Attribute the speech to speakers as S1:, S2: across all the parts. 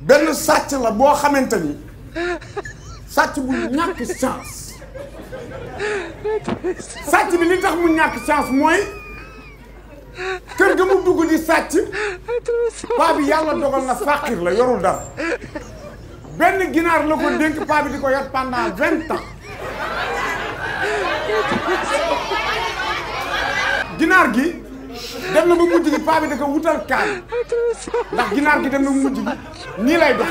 S1: benn sàcc la boo xamante ni sàcc bu ñàkk chance bi li tax mu ñàkk chance mooy kër ga mu dugg di sàcc paa bi yàlla a na fàqir la yorul dara benn ginaar la ko dénk paa bi di ko yor pendant vingt ans ginaar gi dem na ba mujj gi paa bi da ko wutal kaal ndax ginaar gi dem na mujj gi nii lay dox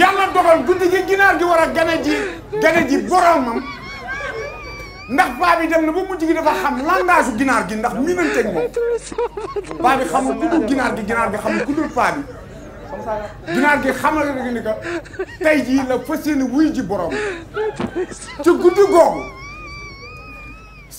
S1: yàlla dogal guddi gi ginaar gi war a gane ji gane ji boromam ndax paa bi dem na ba mujj gi dafa xam langage ginaar gi ndax miinanteeg moom paa bi xamul ginaar gi ginaar gi xamul bi ginaar gi xamal nga ni ko tey jii la fas wuy ji borom ci guddi googu.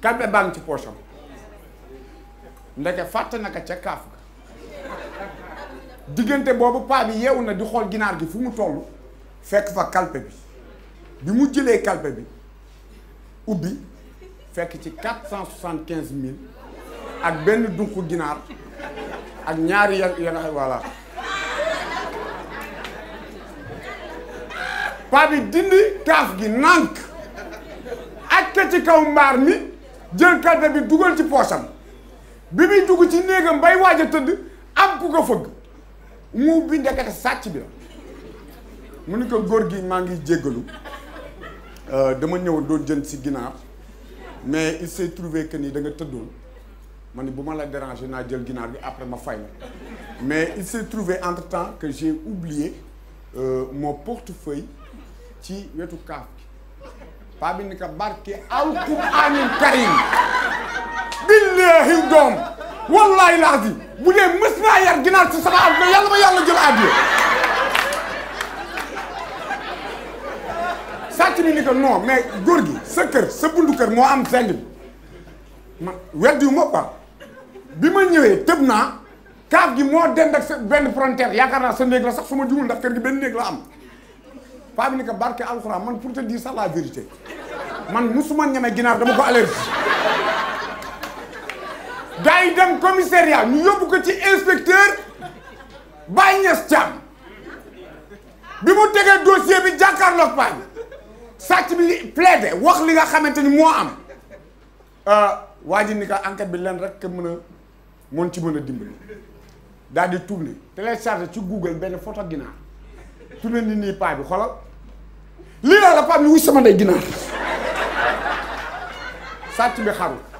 S1: kalbe baa ngi ci poosam ndeke fàtte na ko ca kaaf ga diggante boobu paa bi yeewu na di xool ginaar gi fu mu toll fekk fa kalpe bi bi mu jëlee kalpe bi ubbi fekk ci quatre cent soixante quinze mille ak benn dunq ginaar ak ñaari ya ya nga xam dindi kaaf gi nànk ak ci kaw mbaar mi jël kalpe bi dugal ci poosam bi muy dugg ci néegam bay waaj a tëdd am ku ko fëgg mu bi sàcc bi la mu ni ko góor gi maa ngi jéggalu euh, dama ñëw doon jën si ginaar mais il s'est trouvé que ni da nga tëddoon ma ni bu ma la dérangé naa jël ginaar bi après ma fay la mais il s'est trouvé entre temps que j'ai oublié euh, mon portefeuille ci wetu kaaf gi paa bi ni ka barke alquraanul karim billaahi doom wallaahi laazim bu dee mës naa yar ginaar ci sama àdduna yàlla ma yàlla jël àddiya sàcc bi góor gi sa kër sa bundu kër moo am seng bi man weddi wu ma bi ma ñëwee tëb naa kaaf gi moo dend ak sa benn frontière yaakaar naa sa néeg la sax su ma jumul ndax kër gi benn néeg la am paa bi ni ko barke alxuraan man pour te dire ça la vérité man musuma ñeme ginaar dama ko allergie gars yi dem commissariat ñu yóbbu ko ci inspecteur Baye Niass Thiam bi mu tegee dossier bi jàkkaarloog paa bi sàcc bi plaidé wax li nga xamante ni moo am euh, waa ji ni ko enquête bi leen rek mën a moon ci mën a dimbali daal di tourné téléchargé ci Google benn photo ginaar tourné ni nii paa bi xoolal lii laa la Pape ni wuy sama ndey ginaar sàcc bi xaru